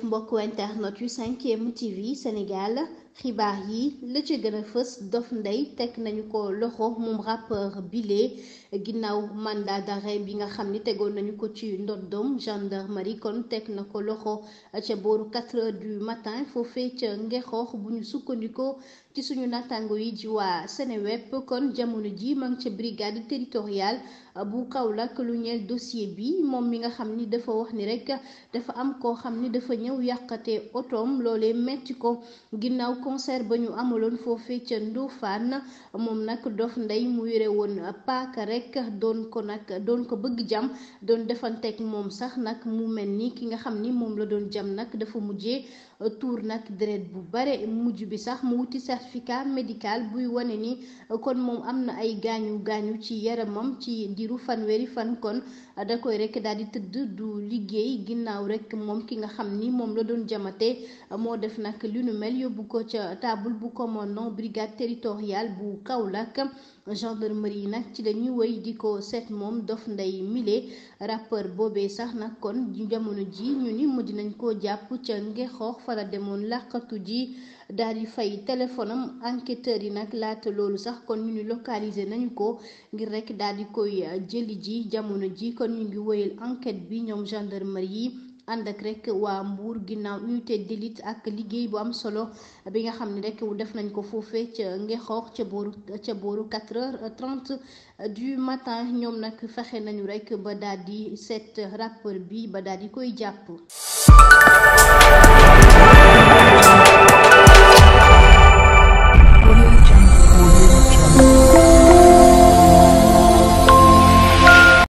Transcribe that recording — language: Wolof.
jëf mbokku internet yu 5M TV Sénégal xibaar yi la ci gën a fës Dof ndey teg nañu ko loxo moom rappeur bile ginnaaw mandat d'arrêt bi nga xam ni tegoon nañu ko ci ndoddom gendarmerie kon teg na ko loxo ca booru 4 heures du matin foofee ca ngexoox bu ñu sukkandikoo ci suñu natango yi ji waa Seneweb kon jamono ji ma ca brigade territoriale bu Kaolack lu ñeel dossier bi moom mi nga xam ni dafa wax ni rek dafa am koo xam ni dafa ñëw yàqate otoom loolee metti ko ginnaaw concert ba ñu amaloon foofee ca Ndofane moom nag Dof ndey mu yore woon paaka rek doon ko nag doon ko bëgg jam doon defanteeg moom sax nag mu mel ni ki nga xam ni moom la doon jam nag dafa mujjee tuur nag deret bu bare mujj bi sax mu wuti certificat médical buy wane ni kon moom am na ay gaañu gaañu ci yaramam ci diiru fanweeri fan kon da daal di tëdd du liggéey ginnaaw rek ki nga xam ni moom la doon jamate moo def nag lu nu mel yóbbu ko ca ca table bu commandant brigade territoriale bu kaw Kaolack gendarmerie yi nag ci dañuy woy di ko seet moom Dof Ndey mile rappeur boobee sax nag kon jamono ji ñu ni mujj nañ koo jàpp ca ngexoox fala demoon làqatu ji daal di fay téléphone am enquêteurs yi nag laata loolu sax kon ñu ni localisé nañu ko ngir rekk daal di koy jëli ji jamono ji kon ñu ngi wéyal enquête bi ñoom gendarmerie yi ànd ak rek waa Mbour ginaaw unité d'élite ak liggéey bu am solo bi nga xam ne rek def nañ ko foofee ca Ngexoox ca booru ca booru 4 heures 30 matin ñoom nag fexe nañu rekk ba daal di seet rappeur bi ba dal di koy jàpp.